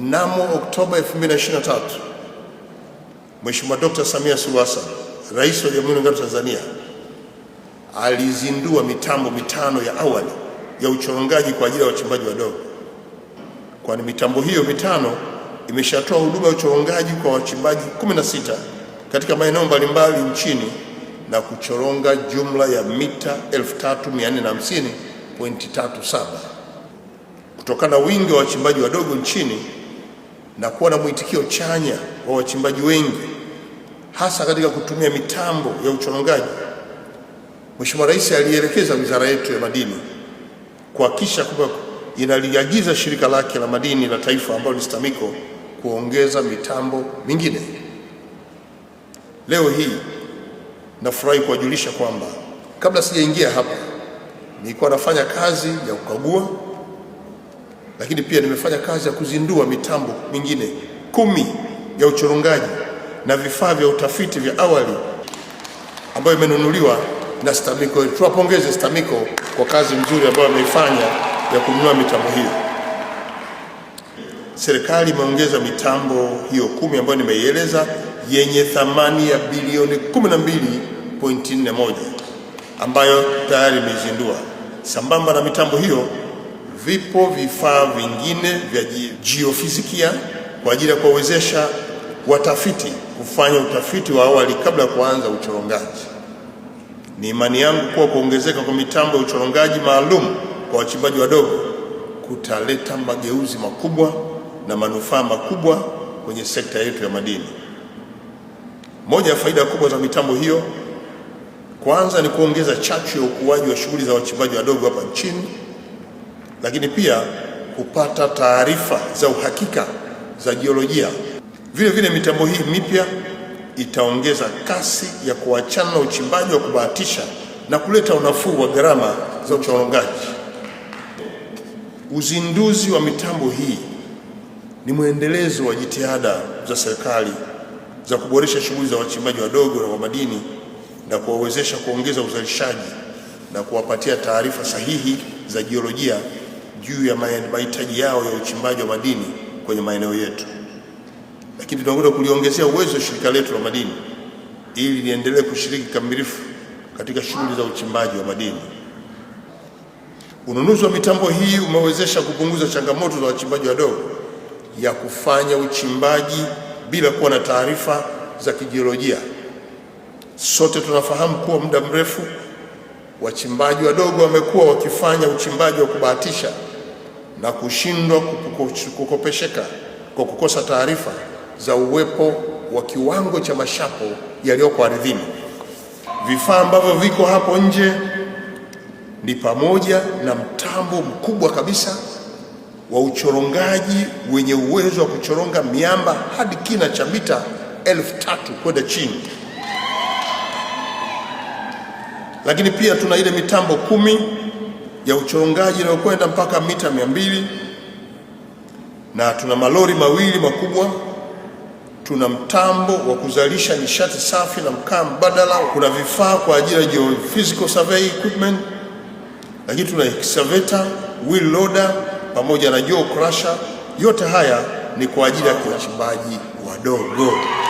Mnamo Oktoba 2023, Mheshimiwa Dkt. Samia Suluhu Hassan, Rais wa Jamhuri ya Muungano wa Tanzania, alizindua mitambo mitano ya awali ya uchorongaji kwa ajili ya wachimbaji wadogo, kwani mitambo hiyo mitano imeshatoa huduma ya uchorongaji kwa wachimbaji 16 katika maeneo mbalimbali nchini na kuchoronga jumla ya mita 3450.37. Kutokana na wingi wa wachimbaji wadogo nchini na kuwa na mwitikio chanya wa wachimbaji wengi hasa katika kutumia mitambo ya uchorongaji. Mheshimiwa Rais alielekeza wizara yetu ya madini kuhakikisha kwamba inaliagiza shirika lake la madini la taifa ambalo ni STAMICO kuongeza mitambo mingine. Leo hii nafurahi kuwajulisha kwamba kabla sijaingia hapa nilikuwa nafanya kazi ya kukagua lakini pia nimefanya kazi ya kuzindua mitambo mingine kumi ya uchorongaji na vifaa vya utafiti vya awali ambayo imenunuliwa na STAMICO. Tuwapongeze STAMICO kwa kazi nzuri ambayo ameifanya ya kununua mitambo hiyo. Serikali imeongeza mitambo hiyo kumi ambayo nimeieleza yenye thamani ya bilioni 12.41 ambayo tayari imeizindua. Sambamba na mitambo hiyo vipo vifaa vingine vya jiofizikia kwa ajili ya kuwawezesha watafiti kufanya utafiti wa awali kabla ya kuanza uchorongaji. Ni imani yangu kuwa kuongezeka kwa mitambo ya uchorongaji maalum kwa wachimbaji wadogo kutaleta mageuzi makubwa na manufaa makubwa kwenye sekta yetu ya madini. Moja ya faida kubwa za mitambo hiyo, kwanza ni kuongeza chachu ya ukuaji wa shughuli za wachimbaji wadogo hapa nchini lakini pia kupata taarifa za uhakika za jiolojia. Vile vile mitambo hii mipya itaongeza kasi ya kuachana na uchimbaji wa kubahatisha na kuleta unafuu wa gharama za uchorongaji. Uzinduzi wa mitambo hii ni mwendelezo wa jitihada za serikali za kuboresha shughuli za wachimbaji wadogo na wa madini na kuwawezesha kuongeza uzalishaji na kuwapatia taarifa sahihi za jiolojia juu ya mahitaji yao ya uchimbaji wa madini kwenye maeneo yetu, lakini tunakwenda kuliongezea uwezo shirika letu la madini ili liendelee kushiriki kamilifu katika shughuli za uchimbaji wa madini. Ununuzi wa mitambo hii umewezesha kupunguza changamoto za wachimbaji wadogo ya kufanya uchimbaji bila kuwa na taarifa za kijiolojia. Sote tunafahamu kuwa muda mrefu wachimbaji wadogo wamekuwa wakifanya uchimbaji wa kubahatisha na kushindwa kukopesheka kwa kukosa taarifa za uwepo wa kiwango cha mashapo yaliyoko ardhini. Vifaa ambavyo viko hapo nje ni pamoja na mtambo mkubwa kabisa wa uchorongaji wenye uwezo wa kuchoronga miamba hadi kina cha mita elfu tatu kwenda chini, lakini pia tuna ile mitambo kumi ya uchongaji inayokwenda mpaka mita mia mbili na tuna malori mawili makubwa, tuna mtambo wa kuzalisha nishati safi na mkaa mbadala, kuna vifaa kwa ajili ya geophysical survey equipment, lakini tuna excavator, wheel loader pamoja na jaw crusher. Yote haya ni kwa ajili ya wachimbaji wadogo.